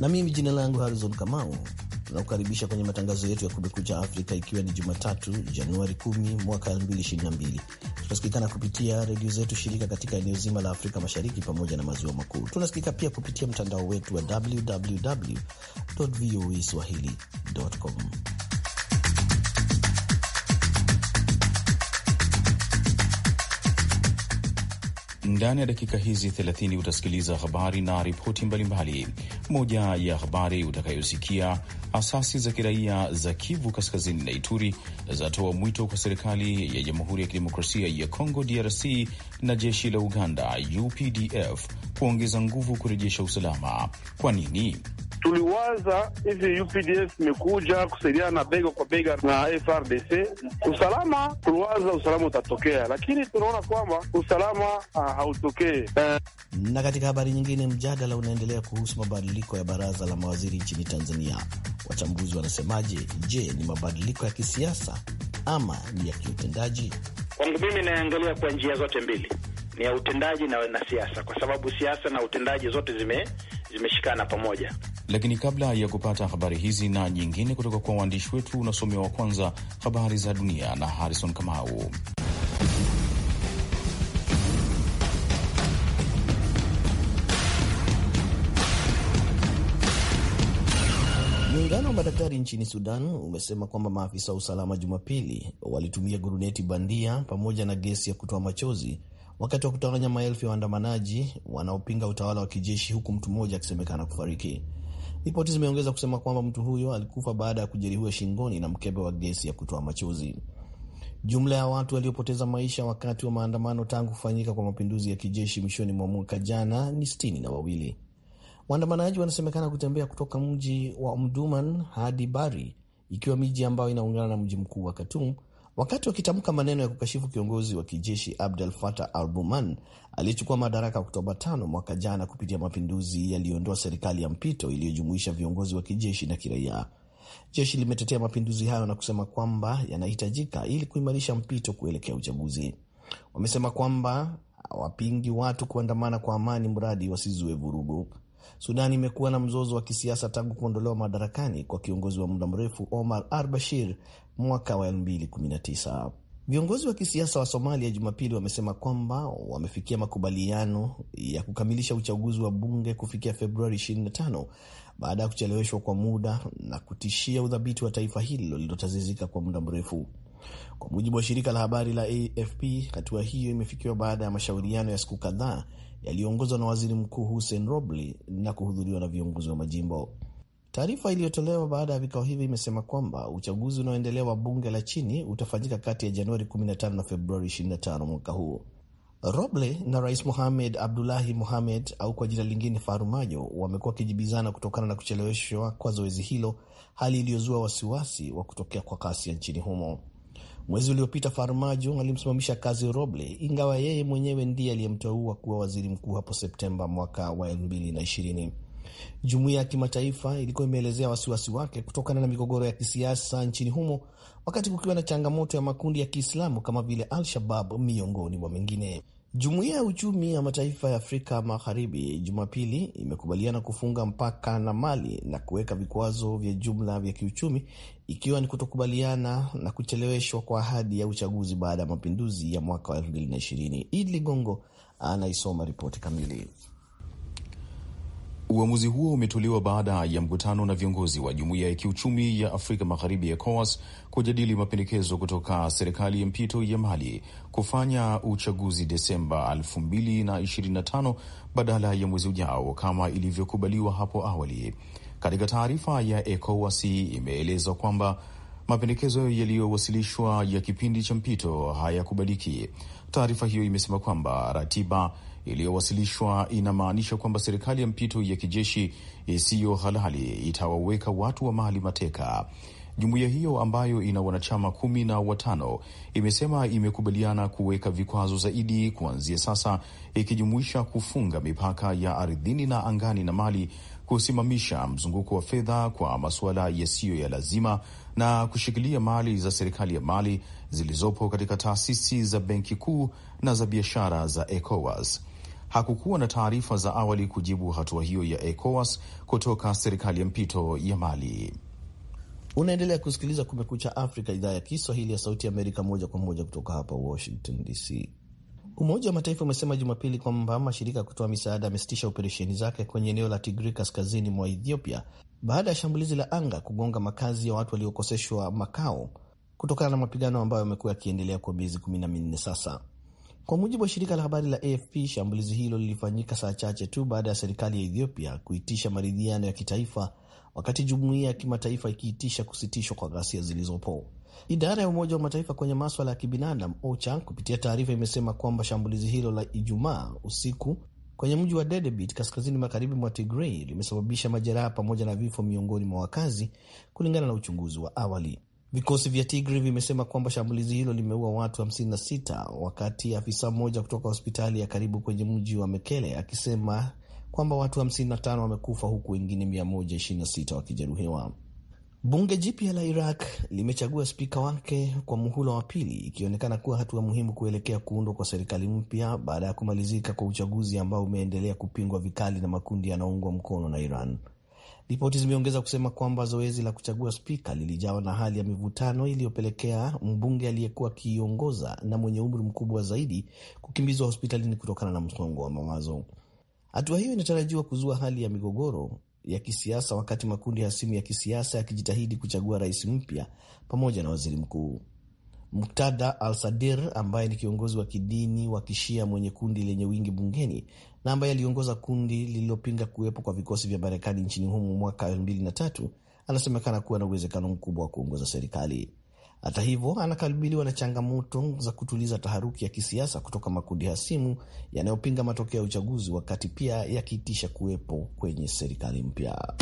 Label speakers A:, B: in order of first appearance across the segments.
A: na mimi jina langu
B: Harrison Kamau nakukaribisha kwenye matangazo yetu ya Kumekucha Afrika, ikiwa ni Jumatatu Januari 10 mwaka 2022. Tunasikikana kupitia redio zetu shirika katika eneo zima la Afrika Mashariki pamoja na maziwa makuu. Tunasikika pia kupitia mtandao wetu wa www voa swahili.com.
A: Ndani ya dakika hizi 30 utasikiliza habari na ripoti mbalimbali. Moja ya habari utakayosikia, asasi za kiraia za Kivu Kaskazini na Ituri zatoa mwito kwa serikali ya Jamhuri ya Kidemokrasia ya Kongo DRC na jeshi la Uganda UPDF kuongeza nguvu kurejesha usalama. Kwa nini?
C: tuliwaza hivi, UPDF imekuja kusaidia na bega kwa bega na FRDC, usalama tuliwaza usalama utatokea, lakini tunaona kwamba usalama ah, hautokee.
B: Na katika habari nyingine, mjadala unaendelea kuhusu mabadiliko ya baraza la mawaziri nchini Tanzania. Wachambuzi wanasemaje? Je, ni mabadiliko ya kisiasa ama ni ya kiutendaji?
C: Kwangu mimi
D: naangalia kwa njia zote mbili, ni ya utendaji na, na siasa, kwa sababu siasa na utendaji zote zime zimeshikana pamoja.
A: Lakini kabla ya kupata habari hizi na nyingine kutoka kwa waandishi wetu, unasomewa kwanza habari za dunia na Harrison Kamau.
B: Muungano wa madaktari nchini Sudan umesema kwamba maafisa wa usalama Jumapili walitumia guruneti bandia pamoja na gesi ya kutoa machozi wakati wa kutawanya maelfu ya waandamanaji wanaopinga utawala wa kijeshi huku mtu mmoja akisemekana kufariki. Ripoti zimeongeza kusema kwamba mtu huyo alikufa baada ya kujeruhiwa shingoni na mkebe wa gesi ya kutoa machozi. Jumla ya watu waliopoteza maisha wakati wa maandamano tangu kufanyika kwa mapinduzi ya kijeshi mwishoni mwa mwaka jana ni sitini na wawili. Waandamanaji wanasemekana kutembea kutoka mji wa Omdurman hadi Bari, ikiwa miji ambayo inaungana na mji mkuu wa Khartoum Wakati wakitamka maneno ya kukashifu kiongozi wa kijeshi Abdel Fattah al-Burhan aliyechukua madaraka Oktoba 5 mwaka jana kupitia mapinduzi yaliyoondoa serikali ya mpito iliyojumuisha viongozi wa kijeshi na kiraia. Jeshi limetetea mapinduzi hayo na kusema kwamba yanahitajika ili kuimarisha mpito kuelekea uchaguzi. Wamesema kwamba hawapingi watu kuandamana kwa amani, mradi wasizue vurugu. sudani imekuwa na mzozo wa kisiasa tangu kuondolewa madarakani kwa kiongozi wa muda mrefu Omar al-Bashir mwaka wa 2019. Viongozi wa kisiasa wa Somalia Jumapili wamesema kwamba wamefikia makubaliano ya kukamilisha uchaguzi wa bunge kufikia Februari 25 baada ya kucheleweshwa kwa muda na kutishia udhabiti wa taifa hilo lilotazizika kwa muda mrefu. Kwa mujibu wa shirika la habari la AFP, hatua hiyo imefikiwa baada ya mashauriano ya siku kadhaa yaliyoongozwa na waziri mkuu Hussein Roble na kuhudhuriwa na viongozi wa majimbo. Taarifa iliyotolewa baada ya vikao hivi imesema kwamba uchaguzi unaoendelea wa bunge la chini utafanyika kati ya Januari 15 na Februari 25 mwaka huo. Roble na Rais Mohamed Abdullahi Mohamed au kwa jina lingine Farumajo wamekuwa wakijibizana kutokana na kucheleweshwa kwa zoezi hilo, hali iliyozua wasiwasi wa kutokea kwa kasi nchini humo. Mwezi uliopita Farmajo alimsimamisha kazi Roble, ingawa yeye mwenyewe ndiye aliyemteua kuwa waziri mkuu hapo Septemba mwaka wa 220 Jumuiya ya kimataifa ilikuwa imeelezea wasiwasi wake kutokana na migogoro ya kisiasa nchini humo, wakati kukiwa na changamoto ya makundi ya Kiislamu kama vile Al-Shabab miongoni mwa mengine. Jumuiya ya uchumi ya mataifa ya Afrika Magharibi Jumapili imekubaliana kufunga mpaka na Mali na kuweka vikwazo vya jumla vya kiuchumi, ikiwa ni kutokubaliana na kucheleweshwa kwa ahadi ya uchaguzi baada ya mapinduzi ya mwaka wa
A: 2020. Idi Ligongo anaisoma ripoti kamili. Uamuzi huo umetolewa baada ya mkutano na viongozi wa Jumuiya ya Kiuchumi ya Afrika Magharibi, ECOWAS, kujadili mapendekezo kutoka serikali ya mpito ya Mali kufanya uchaguzi Desemba 2025 badala ya mwezi ujao kama ilivyokubaliwa hapo awali. Katika taarifa ya ECOWAS imeelezwa kwamba mapendekezo yaliyowasilishwa ya kipindi cha mpito hayakubaliki. Taarifa hiyo imesema kwamba ratiba iliyowasilishwa inamaanisha kwamba serikali ya mpito ya kijeshi isiyo halali itawaweka watu wa Mali mateka. Jumuiya hiyo ambayo ina wanachama kumi na watano imesema imekubaliana kuweka vikwazo zaidi kuanzia sasa, ikijumuisha kufunga mipaka ya ardhini na angani na Mali, kusimamisha mzunguko wa fedha kwa masuala yasiyo ya lazima na kushikilia mali za serikali ya Mali zilizopo katika taasisi za benki kuu na za biashara za ECOWAS hakukuwa na taarifa za awali kujibu hatua hiyo ya ECOWAS kutoka serikali ya mpito ya Mali. Unaendelea
B: kusikiliza Kumekucha Afrika, idhaa ya Kiswahili ya Sauti Amerika, moja kwa moja kutoka hapa Washington DC. Umoja wa Mataifa umesema Jumapili kwamba mashirika ya kutoa misaada amesitisha operesheni zake kwenye eneo la Tigri kaskazini mwa Ethiopia baada ya shambulizi la anga kugonga makazi ya watu waliokoseshwa makao kutokana na mapigano ambayo yamekuwa yakiendelea kwa miezi kumi na minne sasa. Kwa mujibu wa shirika la habari la AFP, shambulizi hilo lilifanyika saa chache tu baada ya serikali ya Ethiopia kuitisha maridhiano ya kitaifa, wakati jumuiya ya kimataifa ikiitisha kusitishwa kwa ghasia zilizopo. Idara ya Umoja wa Mataifa kwenye maswala ya kibinadamu OCHA kupitia taarifa imesema kwamba shambulizi hilo la Ijumaa usiku kwenye mji wa Dedebit kaskazini magharibi mwa Tigrei limesababisha majeraha pamoja na vifo miongoni mwa wakazi, kulingana na uchunguzi wa awali. Vikosi vya tigri vimesema kwamba shambulizi hilo limeua watu 56 wakati afisa mmoja kutoka hospitali ya karibu kwenye mji wa Mekele akisema kwamba watu 55 wamekufa huku wengine 126 wakijeruhiwa. Bunge jipya la Iraq limechagua spika wake kwa muhula wa pili, ikionekana kuwa hatua muhimu kuelekea kuundwa kwa serikali mpya baada ya kumalizika kwa uchaguzi ambao umeendelea kupingwa vikali na makundi yanayoungwa mkono na Iran. Ripoti zimeongeza kusema kwamba zoezi la kuchagua spika lilijawa na hali ya mivutano iliyopelekea mbunge aliyekuwa akiongoza na mwenye umri mkubwa zaidi kukimbizwa hospitalini kutokana na msongo wa mawazo. Hatua hiyo inatarajiwa kuzua hali ya migogoro ya kisiasa wakati makundi hasimu ya kisiasa yakijitahidi kuchagua rais mpya pamoja na waziri mkuu. Muktada al Sadir ambaye ni kiongozi wa kidini wa kishia mwenye kundi lenye wingi bungeni na ambaye aliongoza kundi lililopinga kuwepo kwa vikosi vya Marekani nchini humo mwaka 2003 anasemekana kuwa na uwezekano mkubwa wa kuongoza serikali. Hata hivyo, anakabiliwa na changamoto za kutuliza taharuki ya kisiasa kutoka makundi hasimu yanayopinga matokeo ya uchaguzi, wakati pia yakiitisha kuwepo kwenye serikali mpya.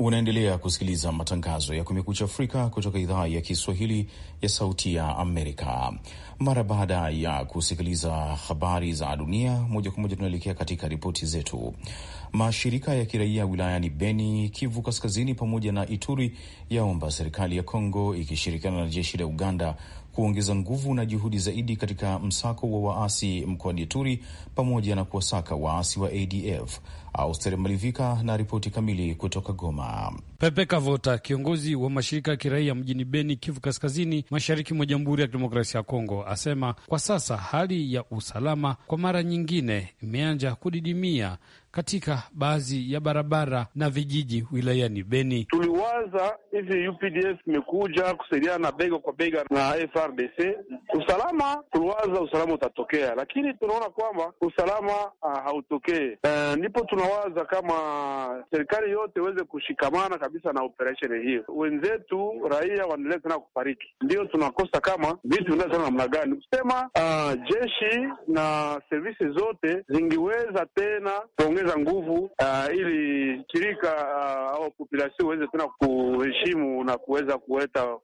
A: Unaendelea kusikiliza matangazo ya Kumekucha Afrika kutoka idhaa ya Kiswahili ya Sauti ya Amerika. Mara baada ya kusikiliza habari za dunia moja kwa moja, tunaelekea katika ripoti zetu. Mashirika ya kiraia wilayani Beni, Kivu Kaskazini pamoja na Ituri yaomba serikali ya Kongo ikishirikiana na jeshi la Uganda kuongeza nguvu na juhudi zaidi katika msako wa waasi mkoani Ituri pamoja na kuwasaka waasi wa ADF Auster Malivika na ripoti kamili kutoka
E: Goma. Pepe Kavota, kiongozi wa mashirika ya kiraia mjini Beni, Kivu Kaskazini, mashariki mwa Jamhuri ya Kidemokrasia ya Kongo, asema kwa sasa hali ya usalama kwa mara nyingine imeanja kudidimia katika baadhi ya barabara na vijiji wilayani Beni.
C: Tuliwaza hivi UPDF imekuja kusaidiana na bega kwa bega na FRDC, usalama tuliwaza usalama utatokea, lakini tunaona kwamba usalama ah, hautokee. Uh, ndipo tunawaza kama serikali yote iweze kushikamana kabisa na operesheni hiyo, wenzetu raia waendelee tena kufariki. Ndio tunakosa kama vitu vinazana namna gani kusema, uh, jeshi na servisi zote zingiweza tena kuongeza nguvu uh, ili shirika uh, au populasio uweze tena kuheshimu na kuweza kuweta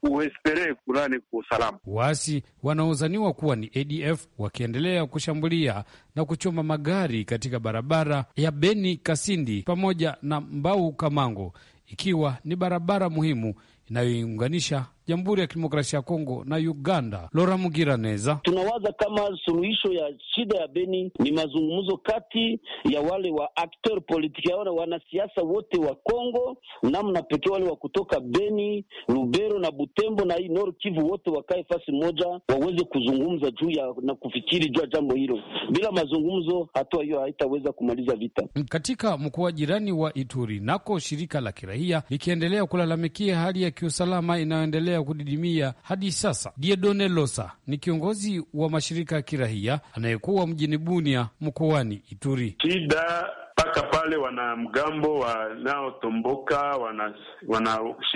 C: kuespere kulani usalama.
E: Waasi wanaozaniwa kuwa ni ADF wakiendelea kushambulia na kuchoma magari katika barabara ya Beni Kasindi pamoja na Mbau Kamango, ikiwa ni barabara muhimu inayoiunganisha Jamhuri ya Kidemokrasia ya Kongo na Uganda. Lora Mugiraneza:
C: tunawaza kama suluhisho ya shida ya Beni ni mazungumzo kati ya wale wa akteur politiki wale wanasiasa wote wa Kongo, namna pekee wale wa kutoka Beni, Lubero na Butembo na hii Nord Kivu, wote wakae fasi moja, waweze kuzungumza juu ya na kufikiri juu ya jambo hilo. Bila mazungumzo, hatua hiyo haitaweza kumaliza vita
E: katika mkoa jirani wa Ituri. Nako shirika la kiraia likiendelea kulalamikia hali ya kiusalama inayoendelea yanaendelea kudidimia hadi sasa. Diedone Losa ni kiongozi wa mashirika ya kirahia anayekuwa mjini Bunia mkoani Ituri.
C: Shida mpaka pale wanamgambo wanaotomboka wanashika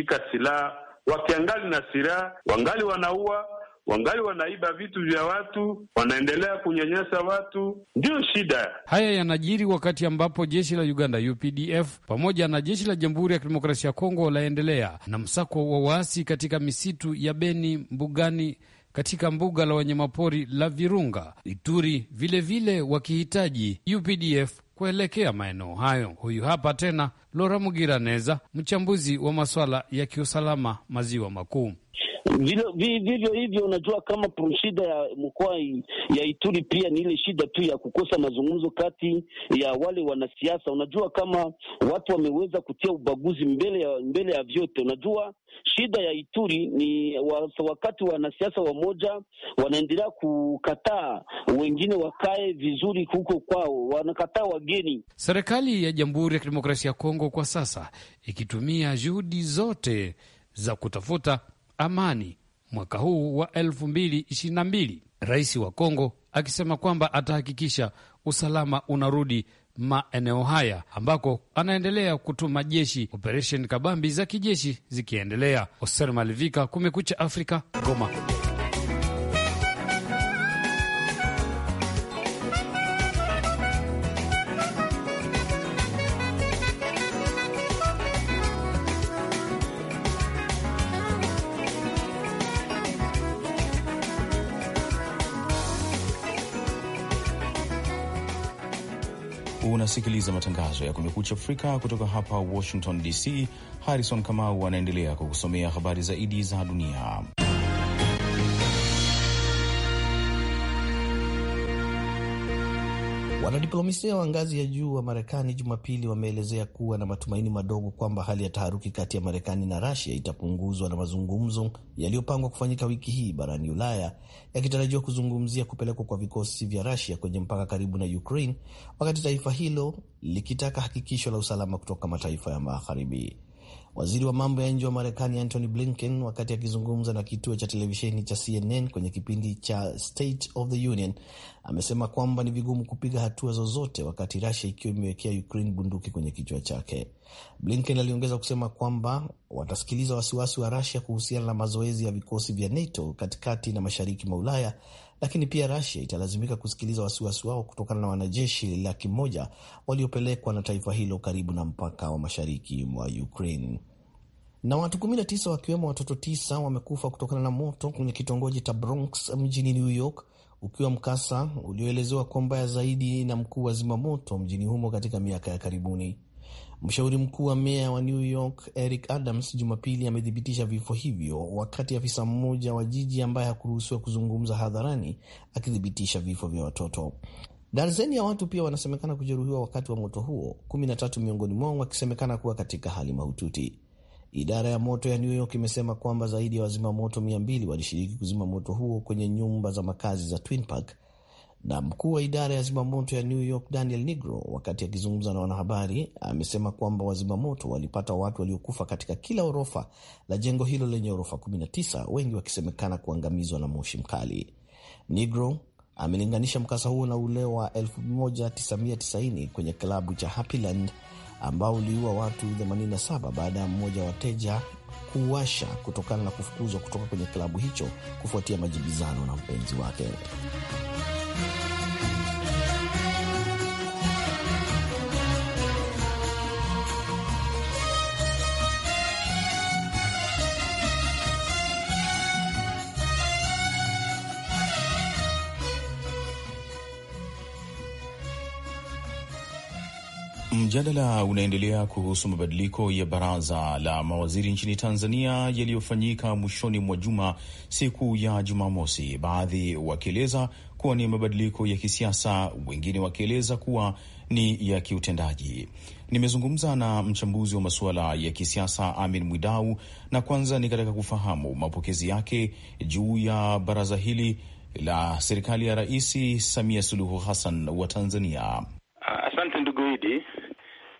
C: wana silaha wakiangali na silaha wangali wanaua wangali wanaiba vitu vya watu, wanaendelea kunyanyasa watu, ndiyo shida.
E: Haya yanajiri wakati ambapo jeshi la Uganda UPDF pamoja na jeshi la Jamhuri ya Kidemokrasia ya Kongo laendelea na msako wa waasi katika misitu ya Beni, mbugani katika mbuga la wanyamapori la Virunga Ituri, vilevile wakihitaji UPDF kuelekea maeneo hayo. Huyu hapa tena Lora Mugiraneza, mchambuzi wa masuala ya kiusalama maziwa makuu
C: vivyo hivyo, unajua kama shida ya mkoa ya Ituri pia ni ile shida tu ya kukosa mazungumzo kati ya wale wanasiasa. Unajua kama watu wameweza kutia ubaguzi mbele ya mbele ya vyote. Unajua shida ya Ituri ni wakati wanasiasa wamoja wanaendelea kukataa wengine wakae vizuri huko kwao, wanakataa wageni.
E: Serikali ya Jamhuri ya Kidemokrasia ya Kongo kwa sasa ikitumia juhudi zote za kutafuta amani mwaka huu wa 2022 rais wa Kongo akisema kwamba atahakikisha usalama unarudi maeneo haya ambako anaendelea kutuma jeshi, operesheni kabambi za kijeshi zikiendelea. hoser Malivika, Kumekucha Afrika, Goma.
A: kusikiliza matangazo ya Kumekucha Afrika kutoka hapa Washington DC. Harrison Kamau anaendelea kukusomea habari zaidi za dunia.
B: Wanadiplomasia wa ngazi ya juu wa Marekani Jumapili wameelezea kuwa na matumaini madogo kwamba hali ya taharuki kati ya Marekani na Rasia itapunguzwa na mazungumzo yaliyopangwa kufanyika wiki hii barani Ulaya yakitarajiwa kuzungumzia kupelekwa kwa vikosi vya Rasia kwenye mpaka karibu na Ukraine, wakati taifa hilo likitaka hakikisho la usalama kutoka mataifa ya Magharibi. Waziri wa mambo ya nje wa Marekani Antony Blinken, wakati akizungumza na kituo cha televisheni cha CNN kwenye kipindi cha State of the Union, amesema kwamba ni vigumu kupiga hatua zozote wakati rasia ikiwa imewekea Ukraine bunduki kwenye kichwa chake. Blinken aliongeza kusema kwamba watasikiliza wasiwasi wa Russia kuhusiana na mazoezi ya vikosi vya NATO katikati na mashariki mwa Ulaya lakini pia rasia italazimika kusikiliza wasiwasi wao kutokana na wanajeshi laki moja waliopelekwa na taifa hilo karibu na mpaka wa mashariki mwa Ukraine. Na watu 19 wakiwemo watoto tisa wamekufa kutokana na moto kwenye kitongoji cha Bronx mjini New York, ukiwa mkasa ulioelezewa kuwa mbaya zaidi na mkuu wa zimamoto mjini humo katika miaka ya karibuni. Mshauri mkuu wa meya wa New York Eric Adams Jumapili amethibitisha vifo hivyo, wakati afisa mmoja wa jiji ambaye hakuruhusiwa kuzungumza hadharani akithibitisha vifo vya watoto. Darzeni ya watu pia wanasemekana kujeruhiwa wakati wa moto huo, 13 miongoni mwao wakisemekana kuwa katika hali mahututi. Idara ya moto ya New York imesema kwamba zaidi ya wazima moto 200 walishiriki kuzima moto huo kwenye nyumba za makazi za Twin Park na mkuu wa idara ya zimamoto ya New York Daniel Negro, wakati akizungumza na wanahabari, amesema kwamba wazimamoto walipata watu waliokufa katika kila orofa la jengo hilo lenye orofa 19, wengi wakisemekana kuangamizwa na moshi mkali. Negro amelinganisha mkasa huo na ule wa 1990 kwenye klabu cha Happyland ambao uliua watu 87 baada ya mmoja wa wateja kuwasha kutokana na kufukuzwa kutoka kwenye klabu hicho kufuatia majibizano na mpenzi wake.
A: Mjadala unaendelea kuhusu mabadiliko ya baraza la mawaziri nchini Tanzania yaliyofanyika mwishoni mwa juma siku ya Jumamosi, baadhi wakieleza kuwa ni mabadiliko ya kisiasa, wengine wakieleza kuwa ni ya kiutendaji. Nimezungumza na mchambuzi wa masuala ya kisiasa Amin Mwidau, na kwanza nikataka kufahamu mapokezi yake juu ya baraza hili la serikali ya Rais Samia Suluhu Hassan wa Tanzania.
D: Asante ndugu Idi.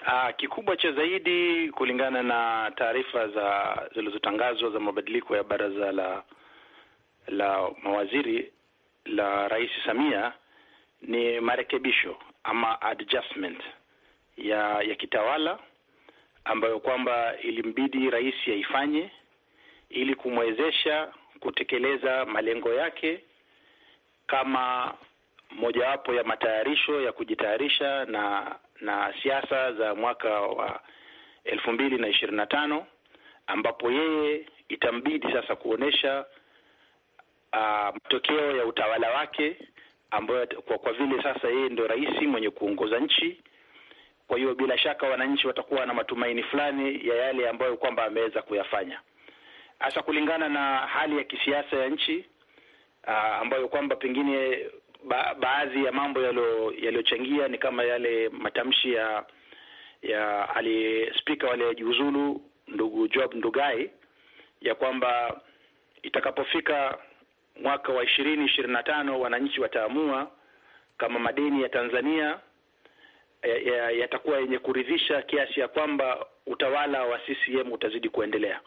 D: Ah, kikubwa cha zaidi kulingana na taarifa za zilizotangazwa za mabadiliko ya baraza la la mawaziri la Rais Samia ni marekebisho ama adjustment ya ya kitawala ambayo kwamba ilimbidi rais yaifanye ili kumwezesha kutekeleza malengo yake kama mojawapo ya matayarisho ya kujitayarisha na na siasa za mwaka wa elfu mbili na ishirini na tano ambapo yeye itambidi sasa kuonesha Ah, matokeo ya utawala wake ambayo kwa, kwa vile sasa yeye ndio rais mwenye kuongoza nchi, kwa hiyo bila shaka wananchi watakuwa na matumaini fulani ya yale ambayo kwamba ameweza kuyafanya, hasa kulingana na hali ya kisiasa ya nchi uh, ambayo kwamba pengine ba, baadhi ya mambo yaliyochangia ni kama yale matamshi ya ya aliyespika jiuzulu ndugu Job Ndugai ya kwamba itakapofika mwaka wa ishirini ishirini na tano wananchi wataamua kama madeni ya Tanzania eh, yatakuwa ya, ya yenye kuridhisha kiasi ya kwamba utawala wa CCM utazidi kuendelea.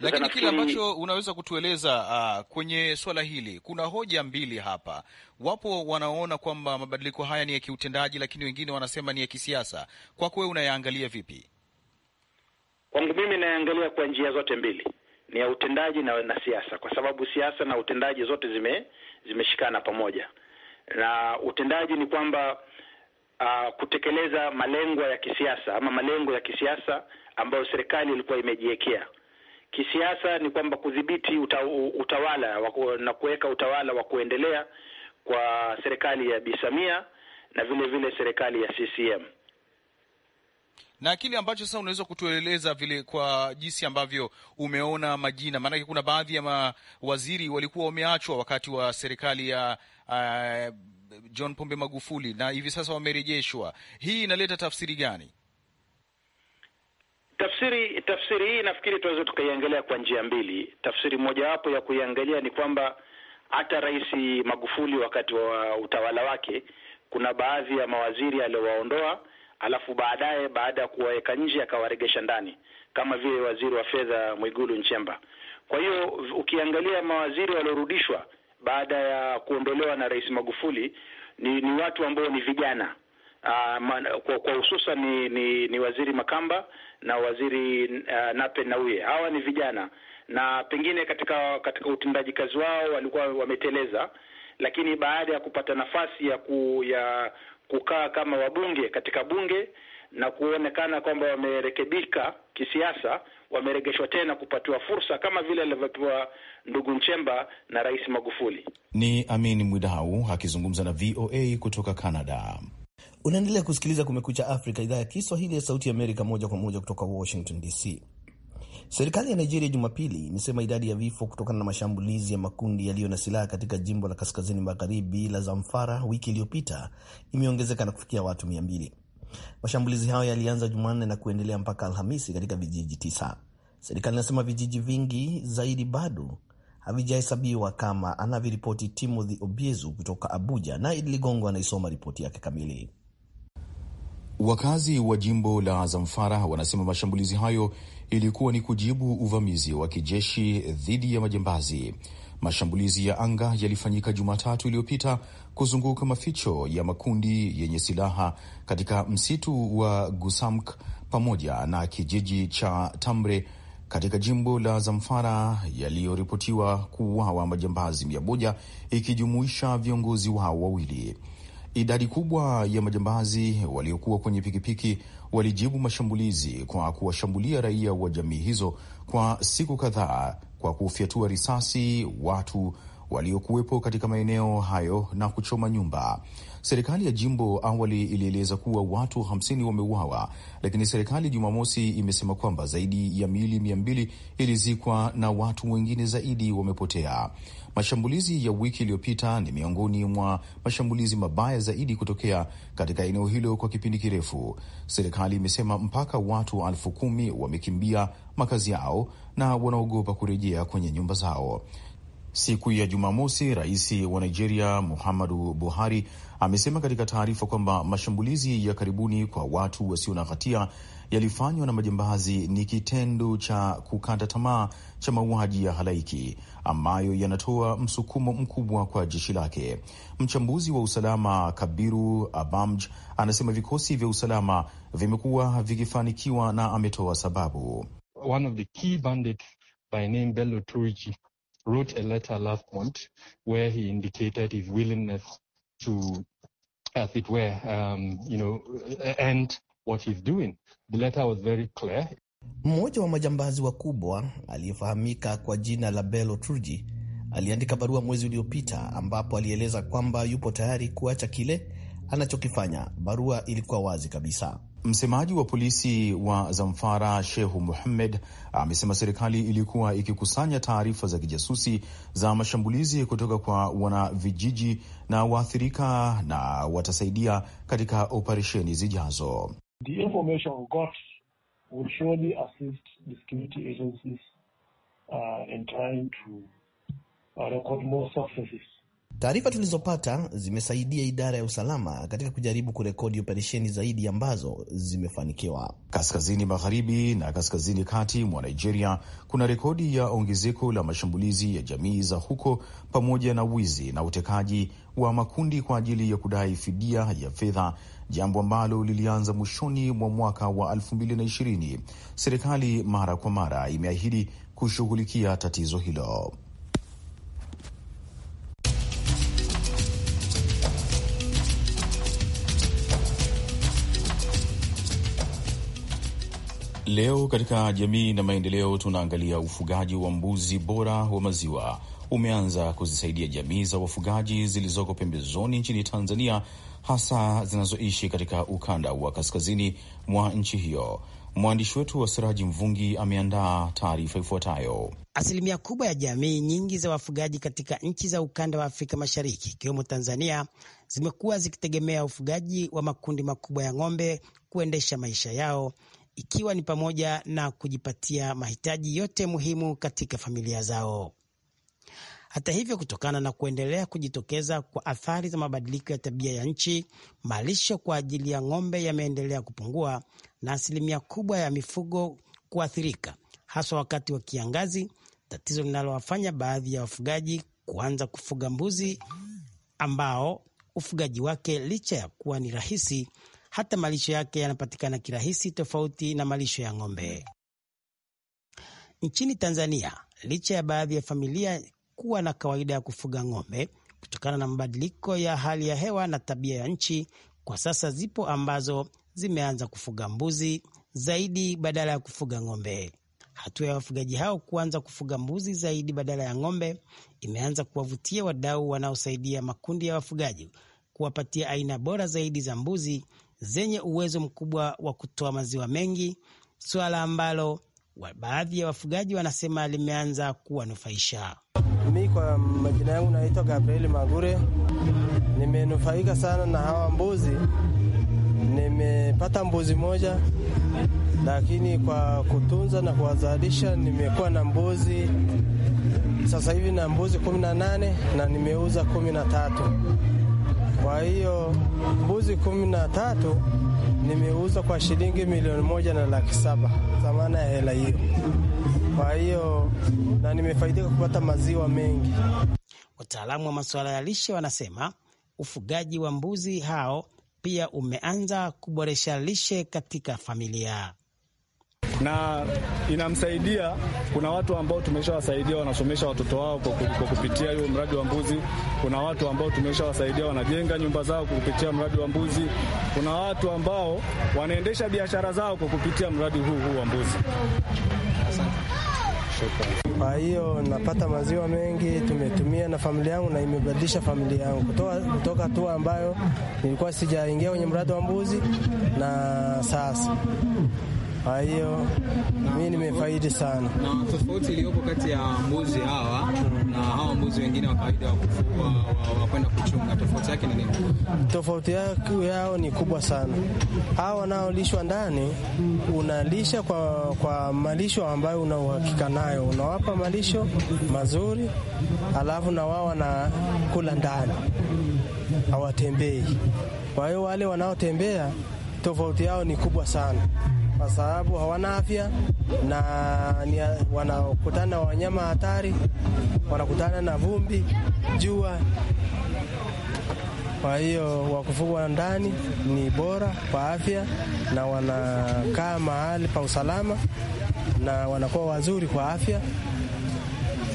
A: Lakini nafikiri... kile ambacho unaweza kutueleza uh, kwenye swala hili, kuna hoja mbili hapa. Wapo wanaona kwamba mabadiliko haya ni ya kiutendaji, lakini wengine wanasema ni ya kisiasa. Kwako wewe unayaangalia vipi?
D: Kwangu mimi nayaangalia kwa njia zote mbili ni ya utendaji na, na siasa, kwa sababu siasa na utendaji zote zime zimeshikana pamoja. Na utendaji ni kwamba uh, kutekeleza malengo ya kisiasa ama malengo ya kisiasa ambayo serikali ilikuwa imejiwekea. Kisiasa ni kwamba kudhibiti uta, utawala waku, na kuweka utawala wa kuendelea kwa serikali ya Bi Samia na vile vile serikali ya CCM
A: na kile ambacho sasa unaweza kutueleza vile kwa jinsi ambavyo umeona majina, maanake kuna baadhi ya mawaziri walikuwa wameachwa wakati wa serikali ya uh, John Pombe Magufuli na hivi sasa wamerejeshwa. Hii inaleta tafsiri gani?
C: Tafsiri
D: tafsiri hii nafikiri tunaweza tukaiangalia kwa njia mbili. Tafsiri mojawapo ya kuiangalia ni kwamba hata Rais Magufuli wakati wa utawala wake kuna baadhi ya mawaziri aliyowaondoa alafu baadaye baada ya kuwaweka nje akawaregesha ndani, kama vile waziri wa fedha Mwigulu Nchemba. Kwa hiyo ukiangalia mawaziri waliorudishwa baada ya kuondolewa na Rais Magufuli ni, ni watu ambao ni vijana ah, kwa, kwa hususan ni, ni, ni waziri Makamba na waziri uh, Nape Nnauye. Hawa ni vijana na pengine katika katika utendaji kazi wao walikuwa wameteleza, lakini baada ya kupata nafasi ya ku, ya kukaa kama wabunge katika bunge na kuonekana kwamba wamerekebika kisiasa, wameregeshwa tena kupatiwa fursa kama vile alivyopewa ndugu Nchemba na
B: Rais Magufuli.
A: Ni Amin Mwidau akizungumza na VOA kutoka Canada.
B: Unaendelea kusikiliza Kumekucha Afrika, idhaa ya Kiswahili ya Sauti ya Amerika, moja kwa moja kutoka Washington DC. Serikali ya Nigeria Jumapili imesema idadi ya vifo kutokana na mashambulizi ya makundi yaliyo na silaha katika jimbo la kaskazini magharibi la Zamfara wiki iliyopita imeongezeka na kufikia watu mbili. Mashambulizi hayo yalianza Jumanne na kuendelea mpaka Alhamisi katika vijiji tisa. Serikali inasema vijiji vingi zaidi bado havijahesabiwa kama anavyoripoti Timothy Obiezu kutoka Abuja, na Idi Ligongo anaisoma ripoti yake kamili.
A: Wakazi wa jimbo la Zamfara wanasema mashambulizi hayo ilikuwa ni kujibu uvamizi wa kijeshi dhidi ya majambazi. Mashambulizi ya anga yalifanyika Jumatatu iliyopita kuzunguka maficho ya makundi yenye silaha katika msitu wa Gusamk pamoja na kijiji cha Tamre katika jimbo la Zamfara yaliyoripotiwa kuuawa majambazi mia moja ikijumuisha viongozi wao wawili. Idadi kubwa ya majambazi waliokuwa kwenye pikipiki walijibu mashambulizi kwa kuwashambulia raia wa jamii hizo kwa siku kadhaa kwa kufyatua risasi watu waliokuwepo katika maeneo hayo na kuchoma nyumba. Serikali ya jimbo awali ilieleza kuwa watu 50 wameuawa, lakini serikali Jumamosi imesema kwamba zaidi ya miili mia ilizikwa na watu wengine zaidi wamepotea. Mashambulizi ya wiki iliyopita ni miongoni mwa mashambulizi mabaya zaidi kutokea katika eneo hilo kwa kipindi kirefu. Serikali imesema mpaka watu elfu kumi wamekimbia makazi yao na wanaogopa kurejea kwenye nyumba zao. Siku ya Jumamosi, rais wa Nigeria Muhammadu Buhari amesema katika taarifa kwamba mashambulizi ya karibuni kwa watu wasio na hatia yalifanywa na majambazi ni kitendo cha kukata tamaa cha mauaji ya halaiki ambayo yanatoa msukumo mkubwa kwa jeshi lake. Mchambuzi wa usalama Kabiru Abamj anasema vikosi vya usalama vimekuwa vikifanikiwa na ametoa sababu
E: One of the key bandits by name Bello wrote a letter last month where he indicated his willingness to, as it were, um, you know, end what he's doing. The letter was very clear. Mmoja
B: wa majambazi wakubwa aliyefahamika kwa jina la Bello Turji aliandika barua mwezi uliopita ambapo alieleza kwamba yupo tayari kuacha kile anachokifanya.
A: Barua ilikuwa wazi kabisa. Msemaji wa polisi wa Zamfara, Shehu Muhammed, amesema serikali ilikuwa ikikusanya taarifa za kijasusi za mashambulizi kutoka kwa wanavijiji na waathirika na watasaidia katika operesheni zijazo.
C: The
B: Taarifa tulizopata zimesaidia idara ya usalama katika kujaribu
A: kurekodi operesheni zaidi ambazo zimefanikiwa. Kaskazini magharibi na kaskazini kati mwa Nigeria kuna rekodi ya ongezeko la mashambulizi ya jamii za huko pamoja na wizi na utekaji wa makundi kwa ajili ya kudai fidia ya fedha, jambo ambalo lilianza mwishoni mwa mwaka wa 2020. Serikali mara kwa mara imeahidi kushughulikia tatizo hilo. Leo katika jamii na maendeleo tunaangalia ufugaji wa mbuzi bora wa maziwa umeanza kuzisaidia jamii za wafugaji zilizoko pembezoni nchini Tanzania, hasa zinazoishi katika ukanda wa kaskazini mwa nchi hiyo. Mwandishi wetu wa Siraji Mvungi ameandaa taarifa ifuatayo.
F: Asilimia kubwa ya jamii nyingi za wafugaji katika nchi za ukanda wa Afrika Mashariki ikiwemo Tanzania zimekuwa zikitegemea ufugaji wa makundi makubwa ya ng'ombe kuendesha maisha yao ikiwa ni pamoja na kujipatia mahitaji yote muhimu katika familia zao. Hata hivyo, kutokana na kuendelea kujitokeza kwa athari za mabadiliko ya tabia ya nchi, malisho kwa ajili ya ng'ombe yameendelea kupungua na asilimia kubwa ya mifugo kuathirika, haswa wakati wa kiangazi, tatizo linalowafanya baadhi ya wafugaji kuanza kufuga mbuzi ambao ufugaji wake licha ya kuwa ni rahisi hata malisho yake yanapatikana kirahisi, tofauti na malisho ya ng'ombe. Nchini Tanzania, licha ya baadhi ya familia kuwa na kawaida ya kufuga ng'ombe, kutokana na mabadiliko ya hali ya hewa na tabia ya nchi, kwa sasa zipo ambazo zimeanza kufuga mbuzi zaidi badala ya kufuga ng'ombe. Hatua ya wafugaji hao kuanza kufuga mbuzi zaidi badala ya ng'ombe imeanza kuwavutia wadau wanaosaidia makundi ya wafugaji kuwapatia aina bora zaidi za mbuzi zenye uwezo mkubwa wa kutoa maziwa mengi, suala ambalo baadhi ya wafugaji wanasema limeanza kuwanufaisha. Mi kwa majina
G: yangu naitwa Gabriel Magure. Nimenufaika sana na hawa mbuzi, nimepata mbuzi moja, lakini kwa kutunza na kuwazalisha nimekuwa na mbuzi sasa hivi na mbuzi kumi na nane na nimeuza kumi na tatu. Kwa hiyo mbuzi kumi na tatu nimeuza kwa shilingi milioni moja na laki saba thamana ya hela hiyo.
F: Kwa hiyo na nimefaidika kupata maziwa mengi. Wataalamu wa masuala ya lishe wanasema ufugaji wa mbuzi hao pia umeanza kuboresha lishe katika familia na
A: inamsaidia. Kuna watu ambao tumeshawasaidia wanasomesha watoto wao kwa kupitia hiyo mradi wa mbuzi. Kuna watu ambao tumeshawasaidia wanajenga nyumba zao kwa kupitia mradi wa mbuzi. Kuna watu ambao wanaendesha biashara zao kwa kupitia mradi huu huu wa mbuzi.
G: Kwa hiyo napata maziwa mengi, tumetumia na familia yangu, na imebadilisha familia yangu kutoka kutoka hatua ambayo nilikuwa sijaingia kwenye mradi wa mbuzi na sasa kwa hiyo mi nimefaidi sana. Na tofauti iliyopo kati ya mbuzi
F: hawa na hawa mbuzi wengine wa
A: kawaida wa wa kwenda kuchunga, tofauti yake ni
G: nini? Tofauti yao ni kubwa sana. Hawa wanaolishwa ndani, unalisha kwa, kwa malisho ambayo una uhakika nayo, unawapa malisho mazuri, alafu na wao wanakula ndani, hawatembei. Kwa hiyo wale wanaotembea tofauti yao ni kubwa sana kwa sababu hawana afya na wanakutana na wanyama hatari, wanakutana na vumbi, jua. Kwa hiyo wakufugwa ndani ni bora kwa afya, na wanakaa mahali pa usalama na wanakuwa wazuri kwa afya.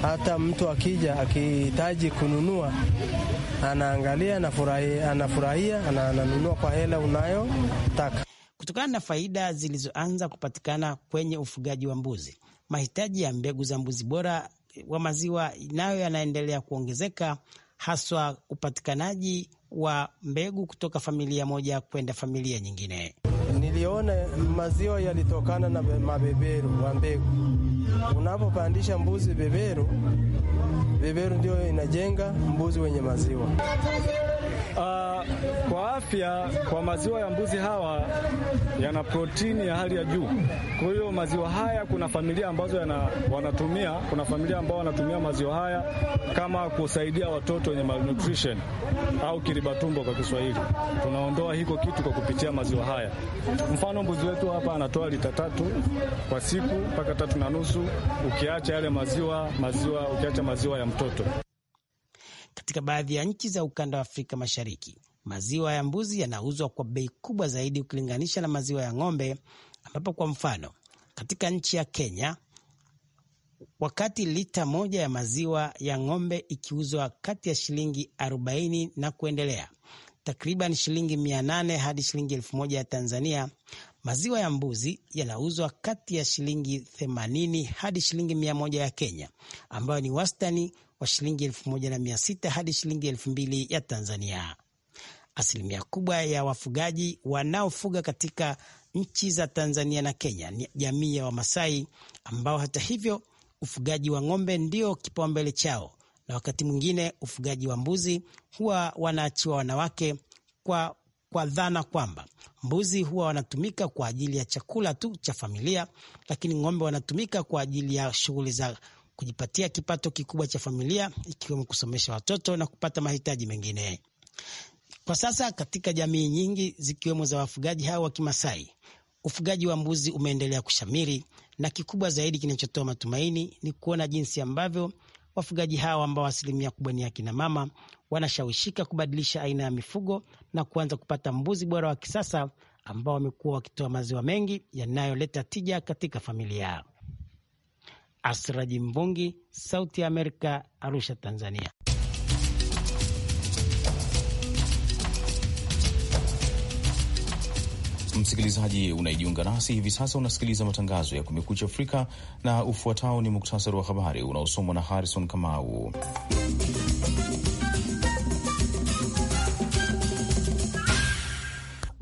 G: Hata mtu akija akihitaji
F: kununua
G: anaangalia, anafurahia, ananunua kwa hela
F: unayotaka. Kutokana na faida zilizoanza kupatikana kwenye ufugaji wa mbuzi, mahitaji ya mbegu za mbuzi bora eh, wa maziwa nayo yanaendelea kuongezeka, haswa upatikanaji wa mbegu kutoka familia moja kwenda familia nyingine.
G: Niliona maziwa yalitokana na mabeberu wa mbegu. Unapopandisha mbuzi beberu, beberu ndio inajenga mbuzi wenye maziwa. Uh, kwa afya, kwa maziwa ya mbuzi hawa yana protini ya hali ya juu. Kwa hiyo maziwa haya, kuna
A: familia ambazo yana, wanatumia, kuna familia ambao wanatumia maziwa haya kama kusaidia watoto wenye malnutrition au kiribatumbo kwa Kiswahili. Tunaondoa hiko kitu kwa kupitia maziwa haya. Mfano, mbuzi wetu hapa anatoa lita tatu kwa siku mpaka tatu na nusu, ukiacha yale maziwa maziwa, ukiacha maziwa ya mtoto.
F: Katika baadhi ya nchi za ukanda wa Afrika Mashariki, maziwa ya mbuzi yanauzwa kwa bei kubwa zaidi ukilinganisha na maziwa ya ng'ombe, ambapo kwa mfano katika nchi ya Kenya, wakati lita moja ya maziwa ya ng'ombe ikiuzwa kati ya shilingi 40 na kuendelea, takriban shilingi 800 hadi shilingi 1000 ya Tanzania, maziwa ya mbuzi yanauzwa kati ya shilingi 80 hadi shilingi 100 ya Kenya, ambayo ni wastani wa shilingi elfu moja na mia sita hadi shilingi elfu mbili ya Tanzania. Asilimia kubwa ya wafugaji wanaofuga katika nchi za Tanzania na Kenya ni jamii ya Wamasai ambao hata hivyo ufugaji wa ng'ombe ndio kipaumbele chao, na wakati mwingine ufugaji wa mbuzi huwa wanaachiwa wanawake kwa, kwa dhana kwamba mbuzi huwa wanatumika kwa ajili ya chakula tu cha familia, lakini ng'ombe wanatumika kwa ajili ya shughuli za kujipatia kipato kikubwa cha familia ikiwemo kusomesha watoto na kupata mahitaji mengine. Kwa sasa katika jamii nyingi zikiwemo za wafugaji hao wa Kimasai, ufugaji wa mbuzi umeendelea kushamiri, na kikubwa zaidi kinachotoa matumaini ni kuona jinsi ambavyo wafugaji hao ambao asilimia kubwa ni akina mama wanashawishika kubadilisha aina ya mifugo na kuanza kupata mbuzi bora wa kisasa ambao wamekuwa wakitoa maziwa mengi yanayoleta tija katika familia. Asraji Mvungi, Sauti ya Amerika, Arusha, Tanzania.
A: Msikilizaji unayejiunga nasi hivi sasa, unasikiliza matangazo ya Kumekucha Afrika na ufuatao ni muktasari wa habari unaosomwa na Harrison Kamau.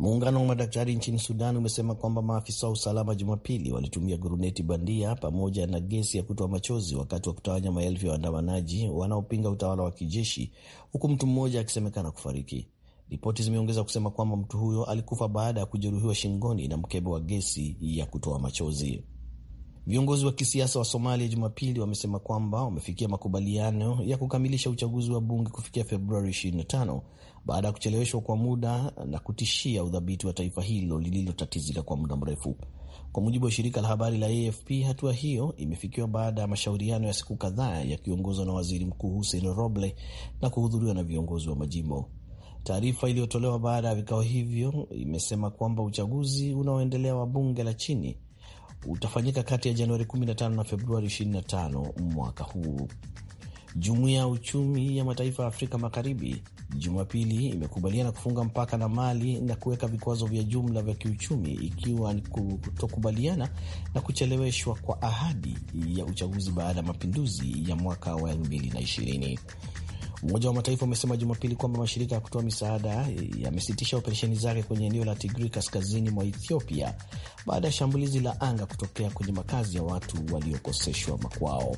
B: Muungano wa madaktari nchini Sudan umesema kwamba maafisa wa usalama Jumapili walitumia guruneti bandia pamoja na gesi ya kutoa machozi wakati wa kutawanya maelfu ya waandamanaji wanaopinga utawala wa kijeshi, huku mtu mmoja akisemekana kufariki. Ripoti zimeongeza kusema kwamba mtu huyo alikufa baada ya kujeruhiwa shingoni na mkebe wa gesi ya kutoa machozi. Viongozi wa kisiasa wa Somalia Jumapili wamesema kwamba wamefikia makubaliano ya kukamilisha uchaguzi wa bunge kufikia Februari 25 baada ya kucheleweshwa kwa muda na kutishia udhabiti wa taifa hilo lililotatizika kwa muda mrefu. Kwa mujibu wa shirika la habari la AFP, hatua hiyo imefikiwa baada ya mashauriano ya siku kadhaa yakiongozwa na waziri mkuu Hussein Roble na kuhudhuriwa na viongozi wa majimbo. Taarifa iliyotolewa baada ya vikao hivyo imesema kwamba uchaguzi unaoendelea wa bunge la chini utafanyika kati ya Januari 15 na Februari 25 mwaka huu. Jumuiya ya Uchumi ya Mataifa ya Afrika Magharibi Jumapili imekubaliana kufunga mpaka na Mali na kuweka vikwazo vya jumla vya kiuchumi ikiwa ni kutokubaliana na kucheleweshwa kwa ahadi ya uchaguzi baada ya mapinduzi ya mwaka wa 2020. Umoja wa Mataifa umesema Jumapili kwamba mashirika ya kutoa misaada yamesitisha operesheni zake kwenye eneo la Tigri kaskazini mwa Ethiopia baada ya shambulizi la anga kutokea kwenye makazi ya watu
A: waliokoseshwa makwao.